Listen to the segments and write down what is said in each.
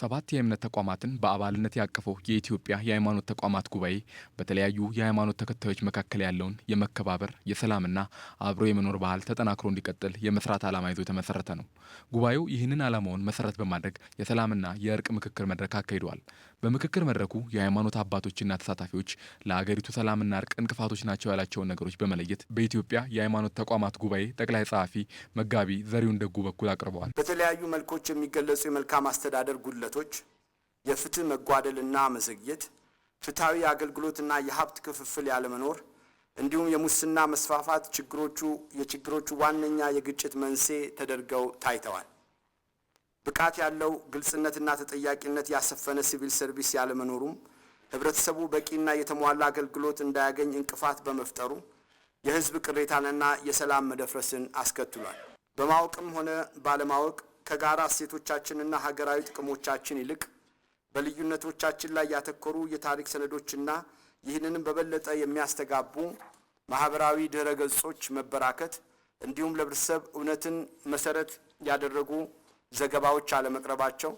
ሰባት የእምነት ተቋማትን በአባልነት ያቀፈው የኢትዮጵያ የሃይማኖት ተቋማት ጉባኤ በተለያዩ የሃይማኖት ተከታዮች መካከል ያለውን የመከባበር የሰላምና አብሮ የመኖር ባህል ተጠናክሮ እንዲቀጥል የመስራት ዓላማ ይዞ የተመሰረተ ነው። ጉባኤው ይህንን ዓላማውን መሰረት በማድረግ የሰላምና የእርቅ ምክክር መድረክ አካሂደዋል። በምክክር መድረኩ የሃይማኖት አባቶችና ተሳታፊዎች ለአገሪቱ ሰላምና እርቅ እንቅፋቶች ናቸው ያላቸውን ነገሮች በመለየት በኢትዮጵያ የሃይማኖት ተቋማት ጉባኤ ጠቅላይ ጸሐፊ መጋቢ ዘሪሁን ደጉ በኩል አቅርበዋል። በተለያዩ መልኮች የሚገለጹ የመልካም አስተዳደር ጉድለት ጉድለቶች፣ የፍትህ መጓደልና መዘግየት፣ ፍትሐዊ አገልግሎትና የሀብት ክፍፍል ያለመኖር እንዲሁም የሙስና መስፋፋት ችግሮቹ የችግሮቹ ዋነኛ የግጭት መንስኤ ተደርገው ታይተዋል። ብቃት ያለው ግልጽነትና ተጠያቂነት ያሰፈነ ሲቪል ሰርቪስ ያለመኖሩም ህብረተሰቡ በቂና የተሟላ አገልግሎት እንዳያገኝ እንቅፋት በመፍጠሩ የህዝብ ቅሬታንና የሰላም መደፍረስን አስከትሏል። በማወቅም ሆነ ባለማወቅ ከጋራ እሴቶቻችንና ሀገራዊ ጥቅሞቻችን ይልቅ በልዩነቶቻችን ላይ ያተኮሩ የታሪክ ሰነዶችና ይህንንም በበለጠ የሚያስተጋቡ ማህበራዊ ድህረ ገጾች መበራከት እንዲሁም ለህብረተሰብ እውነትን መሰረት ያደረጉ ዘገባዎች አለመቅረባቸው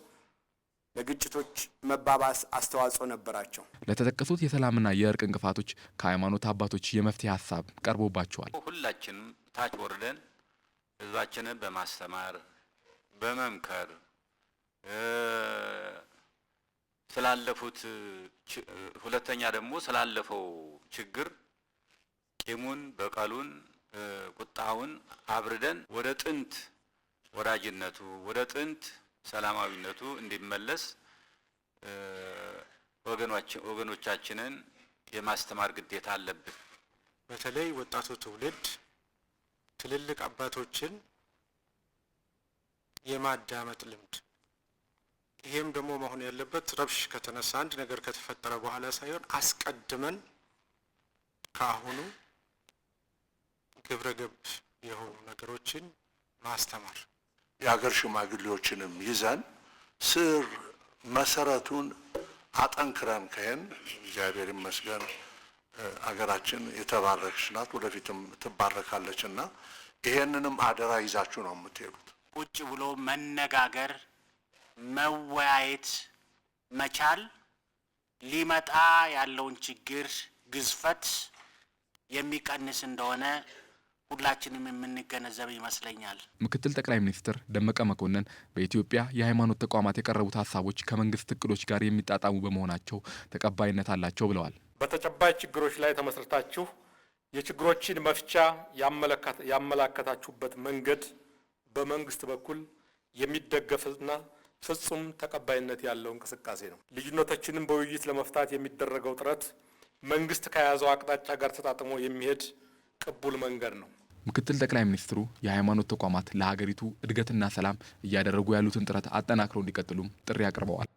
ለግጭቶች መባባስ አስተዋጽኦ ነበራቸው። ለተጠቀሱት የሰላምና የእርቅ እንቅፋቶች ከሃይማኖት አባቶች የመፍትሄ ሀሳብ ቀርቦባቸዋል። ሁላችንም ታች ወርደን ህዝባችንን በማስተማር በመምከር ስላለፉት ሁለተኛ ደግሞ ስላለፈው ችግር ቂሙን፣ በቀሉን፣ ቁጣውን አብርደን ወደ ጥንት ወዳጅነቱ ወደ ጥንት ሰላማዊነቱ እንዲመለስ ወገኖቻችንን የማስተማር ግዴታ አለብን። በተለይ ወጣቱ ትውልድ ትልልቅ አባቶችን የማዳመጥ ልምድ ይሄም ደግሞ መሆን ያለበት ረብሽ ከተነሳ አንድ ነገር ከተፈጠረ በኋላ ሳይሆን አስቀድመን ከአሁኑ ግብረ ገብ የሆኑ ነገሮችን ማስተማር የሀገር ሽማግሌዎችንም ይዘን ስር መሰረቱን አጠንክረን ከሄን እግዚአብሔር ይመስገን አገራችን የተባረከች ናት፣ ወደፊትም ትባረካለች እና ይሄንንም አደራ ይዛችሁ ነው የምትሄዱት። ቁጭ ብሎ መነጋገር፣ መወያየት መቻል ሊመጣ ያለውን ችግር ግዝፈት የሚቀንስ እንደሆነ ሁላችንም የምንገነዘብ ይመስለኛል። ምክትል ጠቅላይ ሚኒስትር ደመቀ መኮንን በኢትዮጵያ የሃይማኖት ተቋማት የቀረቡት ሀሳቦች ከመንግስት እቅዶች ጋር የሚጣጣሙ በመሆናቸው ተቀባይነት አላቸው ብለዋል። በተጨባጭ ችግሮች ላይ ተመስርታችሁ የችግሮችን መፍቻ ያመላከታችሁበት መንገድ በመንግስት በኩል የሚደገፍና ፍጹም ተቀባይነት ያለው እንቅስቃሴ ነው። ልዩነቶችንም በውይይት ለመፍታት የሚደረገው ጥረት መንግስት ከያዘው አቅጣጫ ጋር ተጣጥሞ የሚሄድ ቅቡል መንገድ ነው። ምክትል ጠቅላይ ሚኒስትሩ የሃይማኖት ተቋማት ለሀገሪቱ እድገትና ሰላም እያደረጉ ያሉትን ጥረት አጠናክረው እንዲቀጥሉም ጥሪ አቅርበዋል።